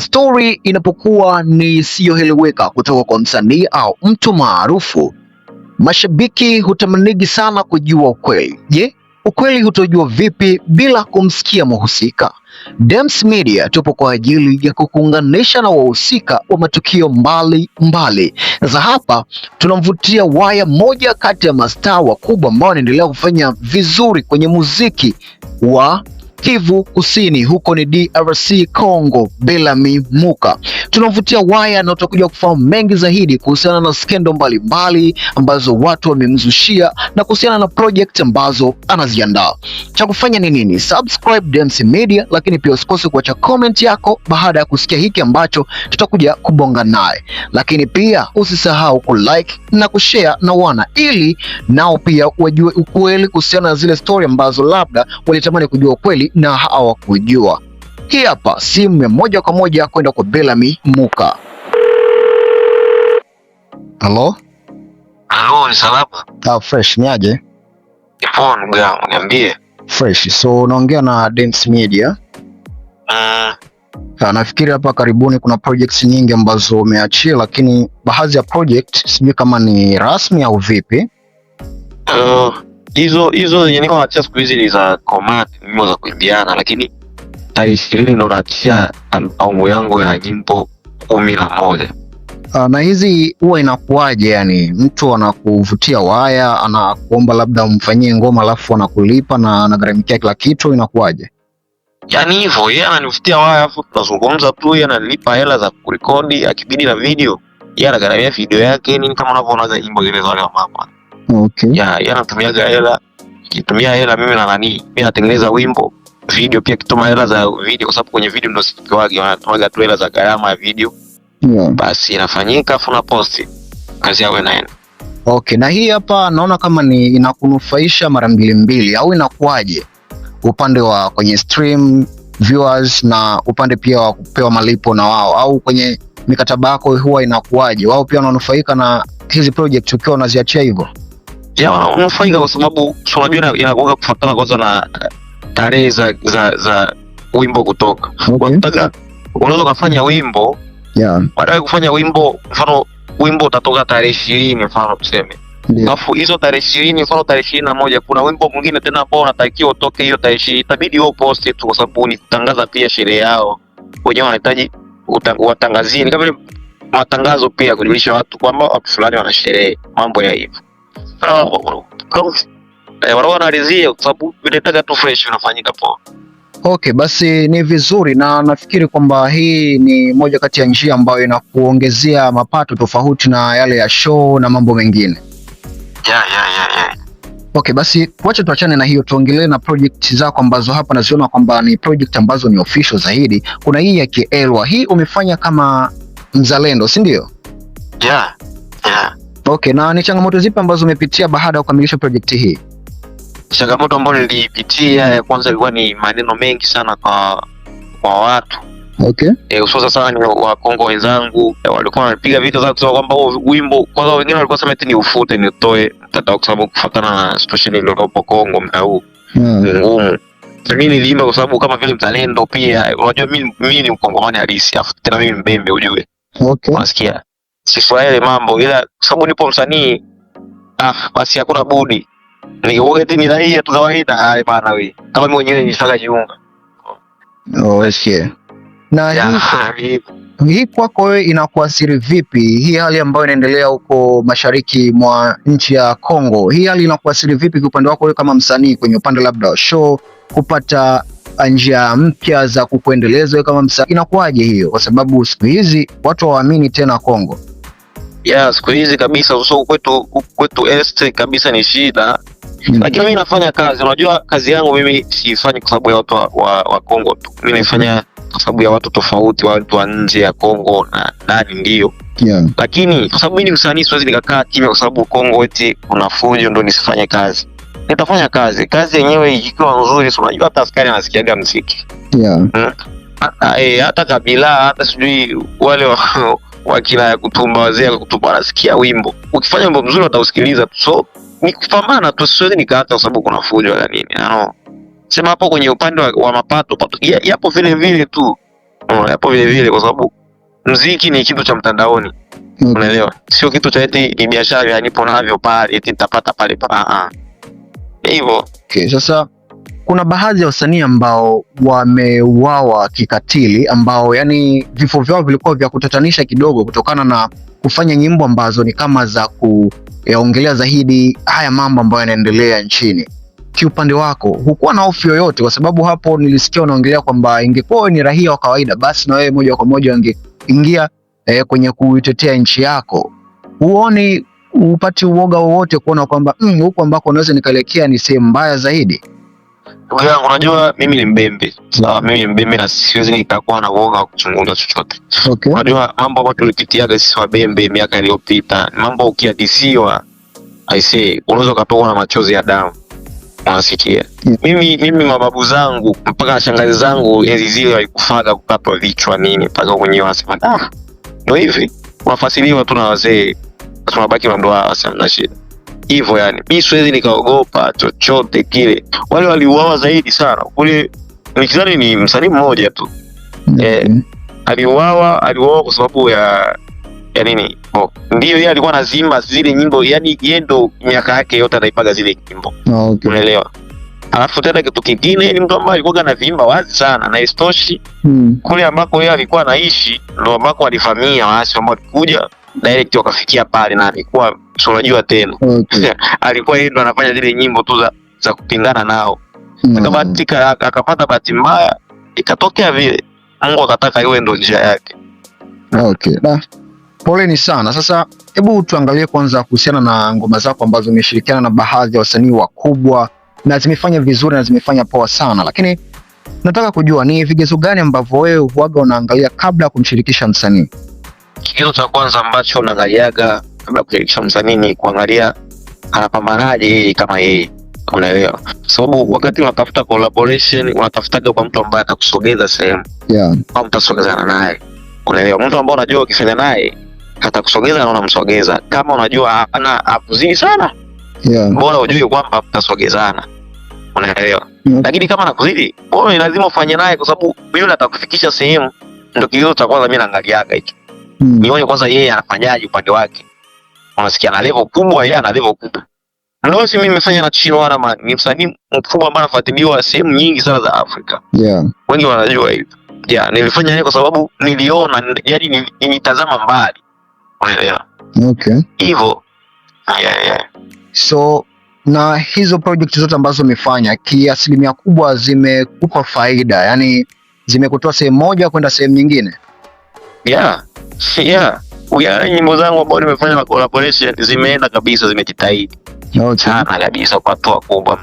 Stori inapokuwa ni siyoeleweka kutoka kwa msanii au mtu maarufu, mashabiki hutamanigi sana kujua ukweli. Je, ukweli hutojua vipi bila kumsikia mhusika? Dems Media tupo kwa ajili ya kukuunganisha na wahusika wa matukio mbali mbali. Sasa hapa tunamvutia waya moja kati ya mastaa wakubwa ambao wanaendelea kufanya vizuri kwenye muziki wa Kivu Kusini, huko ni DRC Congo, Belami Muka. Tunavutia waya na utakuja kufahamu mengi zaidi kuhusiana na skendo mbalimbali ambazo watu wamemzushia na kuhusiana na project ambazo anaziandaa. Cha kufanya ni nini? Subscribe Dems Media, lakini pia usikose kuacha comment yako baada ya kusikia hiki ambacho tutakuja kubonga naye, lakini pia usisahau like na kushare na wana, ili nao pia wajue ukweli kuhusiana na zile story ambazo labda walitamani kujua ukweli na hawakujua. Hii hapa simu ya moja kwa moja kwenda kwa Bellamy Muka. Halo, halo, salama. Ah, fresh, niaje? Ipo ndugu niambie. Fresh, so unaongea na Dance Media. Mm. Eh. Ha, ah, nafikiri hapa karibuni kuna projects nyingi ambazo umeachia, lakini baadhi ya project sijui kama ni rasmi au vipi? Uh, hizo hizo zenye niko natia siku hizi ni za command, nyimbo za kuimbiana, lakini tarehe ishirini ndo natia albamu yangu ya nyimbo kumi na moja. Uh, na hizi huwa inakuwaje? Yani mtu anakuvutia waya, anakuomba labda umfanyie ngoma, alafu anakulipa na anagharamikia kila kitu, inakuwaje? Yani hivyo, yeye ananivutia waya, afu tunazungumza tu, yeye ananilipa hela za kurekodi, akibidi na video, yeye anagharamia video yake, nini kama unavyoona nyimbo zile za wale mama okay. ya ya hela kitumia hela mimi na nani, mimi natengeneza wimbo video pia kituma hela za video, kwa sababu kwenye video ndio sikiwagi wanatoaga tu hela za gharama ya video yeah. Basi inafanyika afu na posti kazi yao inaenda okay. Na hii hapa naona kama ni inakunufaisha mara mbili mbili, au inakuwaje upande wa kwenye stream viewers na upande pia wa kupewa malipo na wao, au kwenye mikataba yako huwa inakuwaje? Wao pia wananufaika na hizi project ukiwa unaziachia hivyo? ya kwa sababu sura juu kwanza na tarehe za, za, za wimbo kutoka okay. Unataka unaweza kufanya wimbo yeah. ya kufanya wimbo, mfano wimbo utatoka tarehe ishirini mfano tuseme alafu yeah. Hizo tarehe ishirini mfano tarehe ishirini na moja kuna wimbo mwingine tena ambao unatakiwa utoke hiyo tarehe ishirini itabidi tu, kwa sababu ni kutangaza pia sherehe yao wenyewe, wanahitaji watangazie, ni kama matangazo pia kujulisha watu kwamba watu fulani wana sherehe, mambo ya hivyo ok ah, eh, kwa sababu tu fresh inafanyika poa. Okay, basi ni vizuri na nafikiri kwamba hii ni moja kati ya njia ambayo inakuongezea mapato tofauti na yale ya show na mambo mengine. Yeah, yeah, yeah, yeah. Okay, basi wacha tuachane na hiyo, tuongelee na project zako ambazo hapa naziona kwamba ni project ambazo ni official zaidi. Kuna hii ya Kielwa, hii umefanya kama mzalendo, si ndio? Yeah, yeah. Okay, na ni changamoto zipi ambazo umepitia baada ya kukamilisha projekti hii? Changamoto ambayo nilipitia ya eh, kwanza ilikuwa ni maneno mengi sana kwa kwa watu Okay. Eh, hususa sana ni Wakongo wenzangu eh, walikuwa wanapiga vitu za kusema kwamba wimbo kwanza, wengine walikuwa wanasema eti ni utoe mtandao, kwa sababu kufuatana na situation iliyopo Kongo mtaa huu ngumu. Hmm. Eh, mimi niliimba kwa sababu kama vile mzalendo pia, unajua mimi mimi ni mkongomani halisi, afu tena mimi mbembe ujue. Okay. Unasikia? sifurahia mambo, ila kwa sababu nipo msanii ah, basi hakuna budi nikikuwa ni raia tu kawaida. Hai bana wewe, kama mimi mwenyewe nitaka jiunga oh, eske na hii hii kwako wewe inakuathiri vipi? Hii hali ambayo inaendelea huko mashariki mwa nchi ya Kongo, hii hali inakuathiri vipi kwa upande wako wewe kama msanii, kwenye upande labda wa show, kupata njia mpya za kukuendeleza kama msanii, inakuwaje hiyo? Kwa sababu siku hizi watu hawaamini tena Kongo ya siku hizi kabisa, so kwetu kwetu este kabisa ni shida mm. Lakini mimi nafanya kazi, unajua kazi yangu mimi siifanyi kwa sababu ya watu wa, wa, Kongo tu, mimi naifanya kwa sababu ya watu tofauti, watu wa nje ya Kongo na ndani ndio yeah. Lakini kwa sababu mimi ni usanii siwezi nikakaa kimya kwa sababu Kongo eti kuna fujo ndio nisifanye kazi. Nitafanya kazi, kazi yenyewe ikiwa nzuri, si unajua hata askari anasikiaga muziki yeah. hmm. hata kabila hata sijui wale wa wakila ya kutumba wazee ya kutumba wanasikia wimbo, ukifanya wimbo mzuri watausikiliza tu, so ni kupambana tu, siwezi nikaata kwa sababu kuna fujo ya nini ano. Sema hapo kwenye upande wa, wa mapato pato ya, yapo vile vile tu no, yapo vile vile kwa sababu mziki ni kitu cha mtandaoni okay. Mm. Unaelewa, sio kitu cha eti ni biashara, yani nipo navyo pale eti nitapata pale pale, ah, ah. hivyo okay, sasa kuna baadhi ya wasanii ambao wameuawa kikatili, ambao yani vifo vyao vilikuwa vya kutatanisha kidogo, kutokana na kufanya nyimbo ambazo ni kama za kuongelea zaidi haya mambo ambayo yanaendelea nchini. Kiupande wako hukuwa na hofu yoyote? Kwa sababu hapo nilisikia unaongelea kwamba ingekuwa wewe ni raia wa kawaida, basi na wewe moja kwa moja ungeingia eh, kwenye kuitetea nchi yako. Huoni upati uoga wowote kuona kwamba mm, huku mm, ambako unaweza nikaelekea ni sehemu mbaya zaidi? Ndugu yangu, unajua mimi ni mbembe sawa, mimi ni mbembe na siwezi nikakuwa na uoga wa kuchungulia chochote. Okay. Unajua mambo ambayo tulipitiaga sisi wabembe miaka iliyopita, mambo ukiadisiwa I say unaweza ukatokwa na machozi ya damu unasikia. Yeah. Mimi mimi mababu zangu mpaka shangazi zangu enzi zile walikufaga kukatwa vichwa nini, mpaka kwenye wanasema ah, ndio hivi unafasiliwa tu na wazee, tunabaki na ndoa, hamna shida hivyo yani, mi siwezi nikaogopa chochote kile. Wale waliuawa zaidi sana kule, nikizani ni msanii mmoja tu mm -hmm. eh, aliuawa aliuawa kwa sababu ya ya nini? Oh, ndio yeye alikuwa nazima zile nyimbo, yani yeye ndo miaka yake yote anaipaga zile nyimbo ah, okay. Unaelewa? Alafu tena kitu kingine ni mtu ambaye alikuwa vimba wazi sana na istoshi hmm. Kule ambako yeye alikuwa anaishi ndo ambako walivamia waasi ambao walikuja direct wakafikia pale na alikuwa so unajua tena okay. Mm. alikuwa yeye ndo anafanya zile nyimbo tu za, za kupingana nao mm. akapata bahati mbaya ikatokea vile Mungu akataka iwe ndo njia yake okay. Nah. Poleni sana. Sasa hebu tuangalie kwanza kuhusiana na ngoma zako ambazo umeshirikiana na baadhi ya wasanii wakubwa na zimefanya vizuri na zimefanya poa sana, lakini nataka kujua ni vigezo gani ambavyo wewe huaga unaangalia kabla ya kumshirikisha msanii? Kigezo cha kwanza ambacho unaangaliaga kabla kuelekea msanii kuangalia anapambanaje ah, yeye kama yeye, unaelewa? Sababu so, wakati unatafuta collaboration unatafutaga kwa mtu ambaye atakusogeza sehemu, yeah, au mtasogezana naye, unaelewa? Mtu ambaye unajua ukifanya naye atakusogeza na unamsogeza, kama unajua ana akuzidi sana, yeah, bora ujue kwamba mtasogezana, unaelewa? Mm. Lakini kama nakuzidi bora ni lazima ufanye naye, kwa sababu yule atakufikisha sehemu. Ndio kilio cha kwanza mimi naangaliaga hicho, mm. nione kwanza yeye anafanyaje upande wake unasikia na level kubwa, yeye ana level kubwa. mimi nimefanya na Chino Wana ni msanii mkubwa ambaye anafuatiliwa sehemu nyingi sana za Afrika. Yeah. Wengi wanajua hivyo. Yeah, nilifanya hiyo kwa sababu niliona, yaani nilitazama mbali. Unaelewa? Okay. Hivyo. Yeah, yeah. So na hizo project zote ambazo umefanya kiasilimia kubwa zimekupa faida, yani zimekutoa sehemu moja kwenda sehemu nyingine. Yeah. Yeah ya nyimbo zangu ambao nimefanya na collaboration zimeenda kabisa, zimejitahidi okay, sana kabisa kwa hatua kubwa.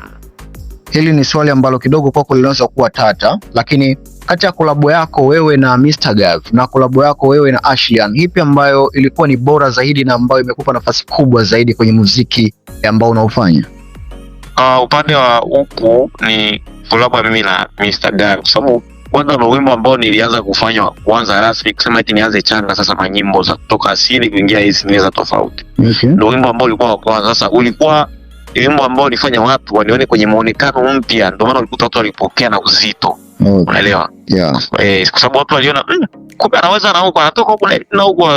Hili ni swali ambalo kidogo kwako linaweza kuwa tata, lakini kati ya kolabo yako wewe na Mr. Gav na kolabo yako wewe na Ashian, ipi ambayo ilikuwa ni bora zaidi na ambayo imekupa nafasi kubwa zaidi kwenye muziki ambao unaofanya? Uh, upande wa huku ni kolabo ya mimi na Mr. Gav kwa sababu kwanza na wimbo ambao nilianza kufanya kwanza rasmi kusema eti nianze changa sasa manyimbo za kutoka asili kuingia hizi ni za tofauti. Okay. Ndo wimbo ambao ulikuwa wa sasa ulikuwa wimbo ambao ulifanya watu walione kwenye muonekano mpya, ndio maana ulikuta watu walipokea na uzito. Okay. Unaelewa? Yeah. Eh, kwa sababu watu waliona mm, kumbe anaweza na huko anatoka huko na huko,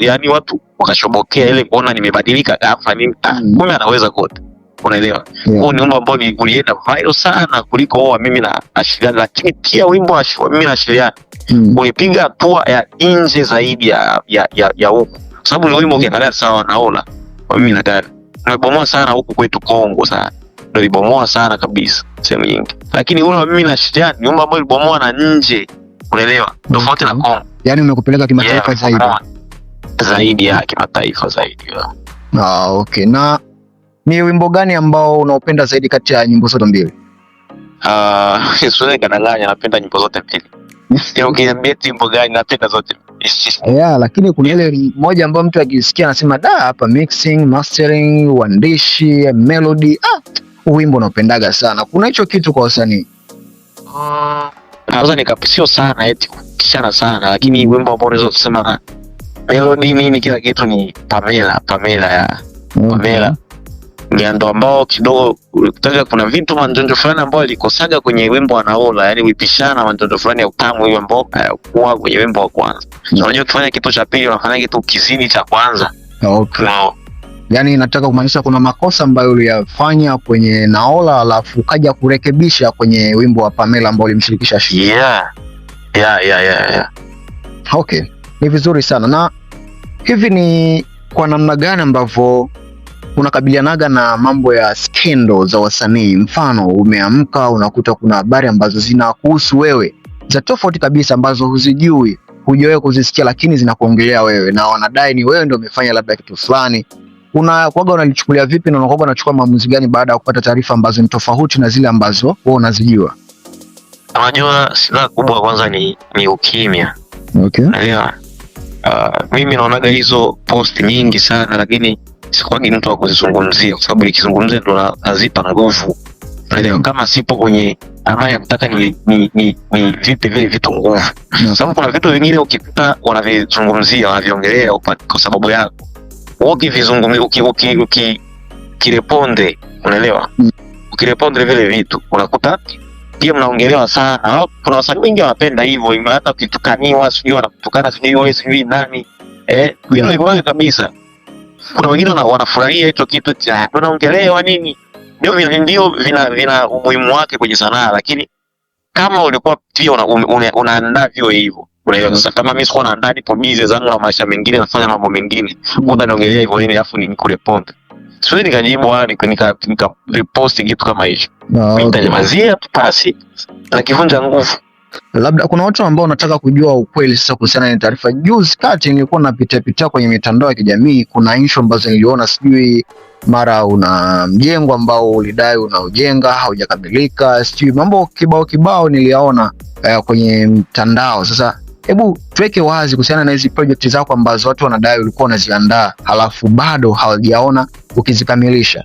yani watu wakashobokea ile kuona nimebadilika ghafla, ni mm. kumbe anaweza kote unaelewa yeah. Huu ni wimbo ambao ulienda viral sana kuliko oa mimi na ashiriana, lakini pia wimbo wa mimi na ashiriana mm. ulipiga hatua ya nje zaidi ya ya ya, ya huku, sababu ni wimbo ukiangalia sawa naona ola wa mimi na dada ulibomoa sana huku kwetu Kongo sana ndio ulibomoa sana kabisa sehemu nyingi, lakini ule wa mimi na ashiriana ni wimbo ambao ulibomoa na nje, unaelewa mm. tofauti mm. na Kongo, yani umekupeleka kimataifa yeah, zaidi zaidi ya kimataifa zaidi ya. Ah, okay na ni wimbo gani ambao unaopenda zaidi kati ya nyimbo zote mbili? Uh, siwezi kadanganya, napenda nyimbo zote mbili. Ukiniambia wimbo gani, napenda zote. Yeah, lakini kuna ile moja ambayo mtu akisikia anasema da, hapa mixing, mastering, uandishi, melody, ah, wimbo unaopendaga sana. Kuna hicho kitu kwa wasanii. Uh, naweza sio sana eti kishana sana, lakini wimbo ambao unaweza kusema melody nini kila kitu ni Pamela, Pamela ya Pamela. Mm -hmm. Leandro ambao kidogo ulikutaga kuna vitu manjonjo fulani ambao alikosaga kwenye wimbo anaola, yani uipishana manjonjo fulani ya utamu hiyo ambao hayakuwa eh, kwenye wimbo wa kwanza. Mm. Unajua ukifanya kitu cha pili unafanya kitu kizini cha kwanza. Okay. No. Yani nataka kumaanisha kuna makosa ambayo uliyafanya kwenye Naola alafu ukaja kurekebisha kwenye wimbo wa Pamela ambao ulimshirikisha Shida. Yeah. Yeah, yeah, yeah, yeah. Okay. Ni vizuri sana na hivi ni kwa namna gani ambavyo unakabilianaga na mambo ya skendo za wasanii. Mfano, umeamka unakuta kuna habari ambazo zinakuhusu wewe za tofauti kabisa, ambazo huzijui, hujawahi kuzisikia, lakini zinakuongelea wewe na wanadai ni wewe ndio umefanya labda kitu fulani. Unakuwaga unalichukulia vipi na unakuwaga unachukua maamuzi gani baada ya kupata taarifa ambazo ni tofauti na zile ambazo wewe unazijua? Unajua, silaha kubwa kwanza ni, ni ukimya. Okay. uh, mimi naonaga hizo post nyingi sana lakini sikwagi mtu wa kuzizungumzia kwa sababu nikizungumzia ndo nazipa nguvu, naelewa. Kama sipo kwenye ama ya kutaka ni, ni, ni, ni vipi vile vitu ngumu, kwa sababu kuna vitu vingine ukikuta wanavizungumzia wanaviongelea kwa sababu yako, ukivizungumzia uki, uki, uki, kireponde, unaelewa, mm. ukireponde vile vitu unakuta pia mnaongelewa sana. Kuna wasanii wengi wanapenda hivyo, hata ukitukaniwa sijui wanakutukana sijui wewe sijui nani eh, yeah. hiyo mm. kabisa kuna wengine wanafurahia hicho kitu cha unaongelewa yaani nini, ndio ndio vina, vina umuhimu wake kwenye sanaa, lakini kama ulikuwa pia unaandaa una, una vyo hivyo unaelewa. sasa. Kama mimi sikuwa naandaa, nipo mize zangu na maisha mengine, nafanya mambo mengine, muda naongelea hivyo nini, afu alafu nikule pombe siwezi nikajibu wala nika nika repost kitu kama hicho, no, okay. nitajamazia tu pasi na kivunja nguvu Labda kuna watu ambao wanataka kujua ukweli sasa kuhusiana na taarifa. Juzi kati nilikuwa napita pita kwenye mitandao ya kijamii, kuna inshu ambazo niliona, sijui mara una mjengo ambao ulidai unaojenga haujakamilika, sijui mambo kibao kibao niliyaona eh, kwenye mtandao. Sasa hebu tuweke wazi kuhusiana na hizi project zako ambazo watu wanadai ulikuwa unaziandaa halafu bado hawajaona ukizikamilisha.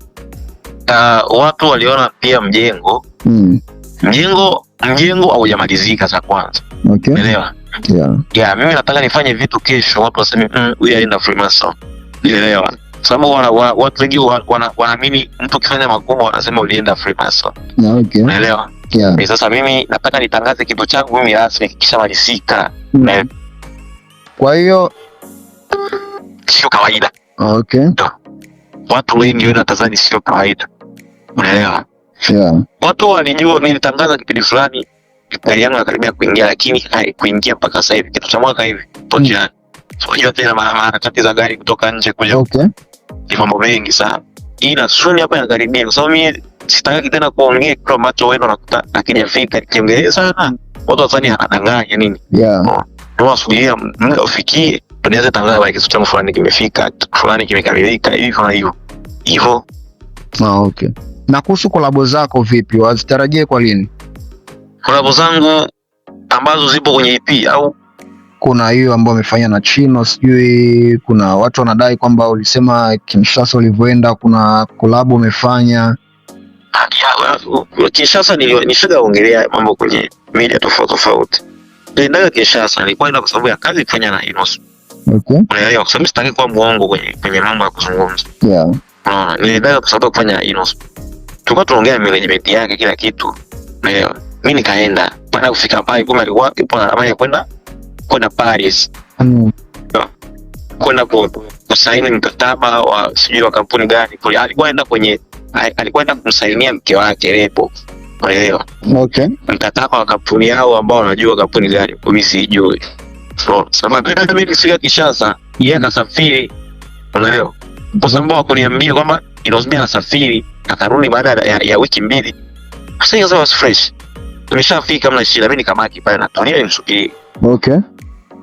Uh, watu waliona pia mjengo hmm mjengo mjengo haujamalizika za kwanza. Okay. Umeelewa? Yeah. Yeah, mimi nataka nifanye vitu kesho watu waseme mm, huyu alienda Freemason. Umeelewa? Sababu wana, wana, watu wengi wanaamini wana, mtu ukifanya makubwa wanasema ulienda Freemason. Yeah, okay. Umeelewa? Yeah. E, sasa mimi nataka nitangaze kitu changu mimi rasmi kishamalizika. Mm. Eh. Kwa hiyo sio kawaida. Okay. Watu wengi wanatazani sio kawaida. Unaelewa? yeah. Watu walijua mimi nitangaza kipindi fulani gari yangu nakaribia kuingia, lakini haikuingia mpaka sasa hivi, kitu cha mwaka hivi tokiani hmm. unajua tena maharakati za gari kutoka nje kuja okay. Ni mambo mengi sana, ila suni hapa inakaribia, kwa sababu mimi sitaki tena kuongea kitu ambacho wewe unakuta afika Nikiongea sana watu wasani anadanganya nini, yeah. Tunasubiria oh, muda ufikie ndio tangaza kwamba kitu changu fulani kimefika, fulani kimekamilika, hivi kama hivyo hivyo. Ah, okay. Na kuhusu kolabo zako vipi, wazitarajie kwa lini? Kolabo zangu ambazo zipo kwenye EP au kuna hiyo ambayo amefanya na Chino, sijui kuna watu wanadai kwamba ulisema Kinshasa ulivyoenda kuna kolabo umefanya ah, uh, Kinshasa. Nishaongelea mambo kwenye media tofauti tofauti. Nilienda Kinshasa, nilikuwa ina kwa sababu ya kazi kufanya na Inos. Okay, kwa sababu sitaki kuwa mwongo kwenye kwenye mambo ya kuzungumza. Yeah, unaona, ah, nilienda kwa sababu ya kufanya Inos tulikuwa tunaongea management yake kila kitu, unaelewa. Mimi nikaenda baada kufika pale, kumbe alikuwa yupo na ramani ya kwenda kwenda Paris mm. kwenda kusaini mkataba wa sijui wa kampuni gani kule, alikuwa enda kwenye alikuwa enda kumsalimia mke wake Repo, unaelewa. Okay, mkataba wa kampuni yao ambao wanajua kampuni gani, mimi sijui. So sababu mimi nifika Kishasa, yeye akasafiri, unaelewa, kwa sababu akuniambia kwamba Ilozbi anasafiri akarudi baada ya, ya wiki mbili. Sasa hiyo was fresh. Tumeshafika mna shida, mimi nikamaki pale na Tony nimsubiri. Okay.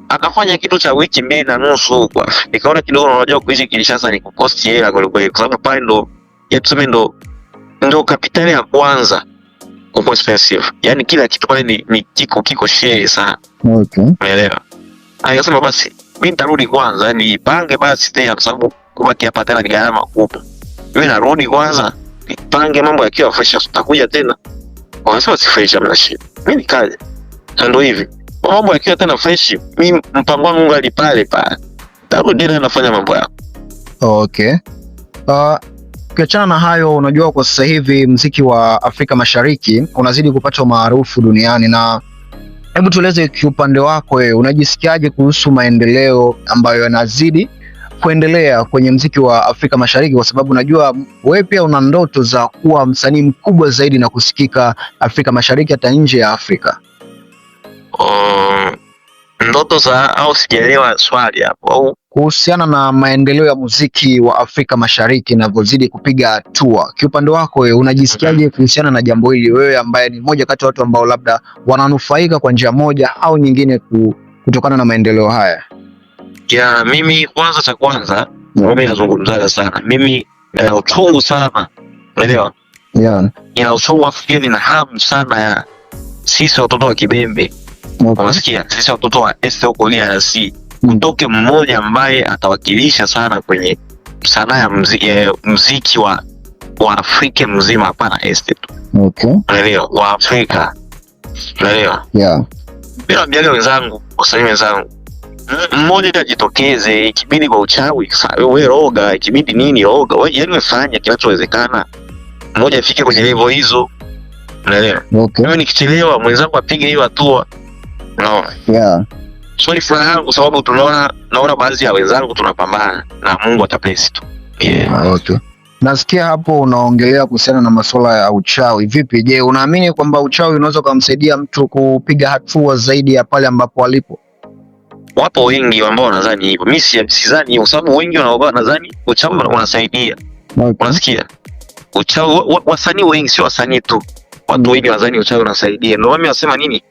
Akafanya kitu cha wiki mbili na nusu huko. Nikaona kidogo unajua kuishi Kinshasa ni kukost hela kwa kweli kwa sababu pale ndo ya tuseme ndo ndo kapitali ya kwanza kwa expensive. Yaani kila kitu pale ni, ni kiko kiko share sana. Okay. Unaelewa? Akasema basi mimi nitarudi kwanza nipange basi tena kwa sababu kubaki hapa tena ni gharama kubwa mimi narudi kwanza nipange mambo yakiwa fresh, tutakuja tena. Wanasema si fresh, hamna shida, mimi nikaja na ndio hivi mambo yakiwa tena fresh, mimi mpango wangu ngali pale pale, tarudi tena nafanya mambo yako. Okay. Uh, ukiachana na hayo, unajua kwa sasa hivi mziki wa Afrika Mashariki unazidi kupata umaarufu duniani na hebu tueleze kiupande wako wewe, unajisikiaje kuhusu maendeleo ambayo yanazidi kuendelea kwenye mziki wa Afrika Mashariki, kwa sababu najua wewe pia una ndoto za kuwa msanii mkubwa zaidi na kusikika Afrika Mashariki, hata nje ya Afrika? Um, ndoto za au sijaelewa swali hapo, au kuhusiana na maendeleo ya muziki wa Afrika Mashariki inavyozidi kupiga hatua, kiupande wako wewe unajisikiaje? Mm-hmm. kuhusiana na jambo hili, wewe ambaye ni mmoja kati ya watu ambao labda wananufaika kwa njia moja au nyingine kutokana na maendeleo haya? ya mimi kwanza, cha kwanza mimi nazungumzaga sana, mimi nina uchungu sana, unaelewa? Nina uchungu afu pia nina hamu sana ya sisi watoto wa Kibembe, unasikia? Sisi watoto wa est huko DRC mm. kutoke mmoja ambaye atawakilisha sana kwenye sanaa ya mziki, eh, mziki wa wa Afrika mzima, hapana est tu. Okay. Unaelewa? Wa Afrika. Unaelewa? Yeah. Bila mjali wenzangu, wasanii wenzangu mmoja ajitokeze, ikibidi kwa uchawi wewe roga, ikibidi nini roga, yani, wefanya kinachowezekana, mmoja afike kwenye level hizo, unaelewa? Okay. Mimi nikichelewa mwenzangu apige hiyo hatua, unaona? Yeah. So ni furaha yangu sababu tunaona, naona baadhi ya wenzangu tunapambana na Mungu atapesi tu. Yeah. Ah, okay. Nasikia hapo unaongelea kuhusiana na masuala ya uchawi. Vipi, je, unaamini kwamba uchawi unaweza ukamsaidia mtu kupiga hatua zaidi ya pale ambapo alipo? wapo wengi ambao nadhani hivyo. Mimi sidhani kwa sababu wengi wanaogopa, nadhani uchawi unasaidia. Unasikia uchawi, wasanii wengi, sio wasanii tu, watu mm. wengi nadhani uchawi unasaidia. Ndio mimi nasema nini,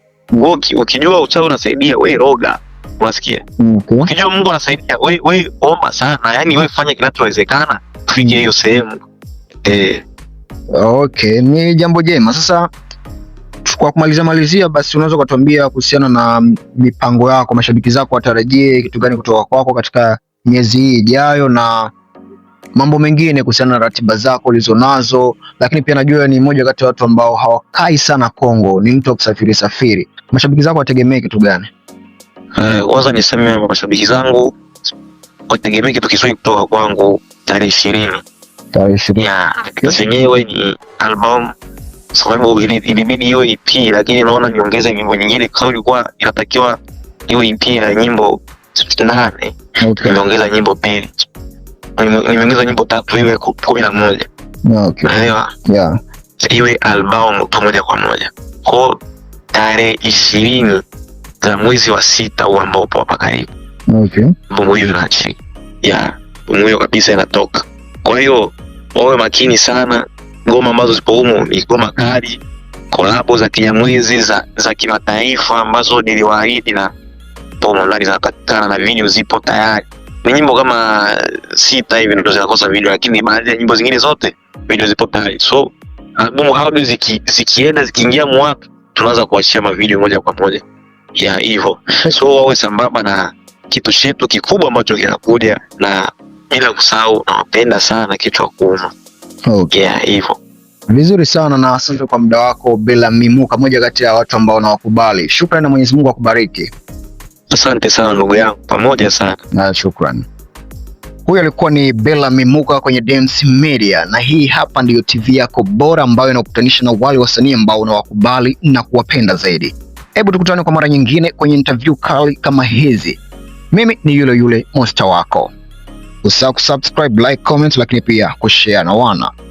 ukijua uchawi unasaidia, we roga Unasikia? Okay. Ukijua Mungu anasaidia, we we omba sana, yani we fanya kinachowezekana kufikia hiyo sehemu eh. Okay, ni jambo jema sasa kwa kumalizia malizia, basi unaweza ukatuambia kuhusiana na mm, mipango yako, mashabiki zako watarajie kitu gani kutoka kwako katika miezi hii ijayo na mambo mengine kuhusiana na ratiba zako ulizonazo, lakini pia najua ni mmoja kati ya watu ambao hawakai sana Kongo, ni mtu wa kusafiri safiri. Mashabiki zako wategemee kitu gani? Eh, kwanza uh, niseme mashabiki zangu wategemee kitu kizuri kutoka kwangu tarehe ishirini. Tarehe ishirini. yenyewe ni album sababu ilibidi hiyo EP, lakini naona niongeze nyimbo nyingine kwa sababu ilikuwa inatakiwa hiyo EP na nyimbo nane. Okay. Nimeongeza nyimbo mbili, nimeongeza nyimbo tatu, iwe kumi na moja. Okay. Naelewa. Yeah. Iwe albamu pamoja kwa moja kwa tarehe ishirini za mwezi wa sita huu ambao upo hapa karibu. Okay. Bongo hiyo inaachia, yeah, Bongo hiyo kabisa inatoka. Kwa hiyo wawe makini sana ngoma ambazo zipo humo ni ngoma kali, kolabo za kinyamwezi za, za kimataifa ambazo niliwaahidi na pomo ndani zinapatikana na video zipo tayari. Ni nyimbo kama sita hivi ndo zinakosa video, lakini baadhi ya nyimbo zingine zote video zipo tayari. So albumu audio ziki, zikienda zikiingia mwaka tunaanza kuachia mavideo moja kwa moja ya hivyo, so wawe sambamba na kitu chetu kikubwa ambacho kinakuja, na bila kusahau, nawapenda sana kichwa kuuma. Okay. Yeah, hivyo vizuri sana na asante kwa muda wako bila mimuka, moja kati ya watu ambao nawakubali. Shukrani na Mwenyezi Mungu akubariki. Asante sana ndugu yangu, pamoja sana na shukrani. Huyu alikuwa ni Bella Mimuka kwenye Dems Media, na hii hapa ndiyo TV yako bora ambayo inakutanisha na wale wasanii ambao unawakubali na kuwapenda zaidi. Hebu tukutane kwa mara nyingine kwenye interview kali kama hizi. Mimi ni yule yule Mosta wako. Usisahau kusubscribe, like, comment, lakini pia kushare na wana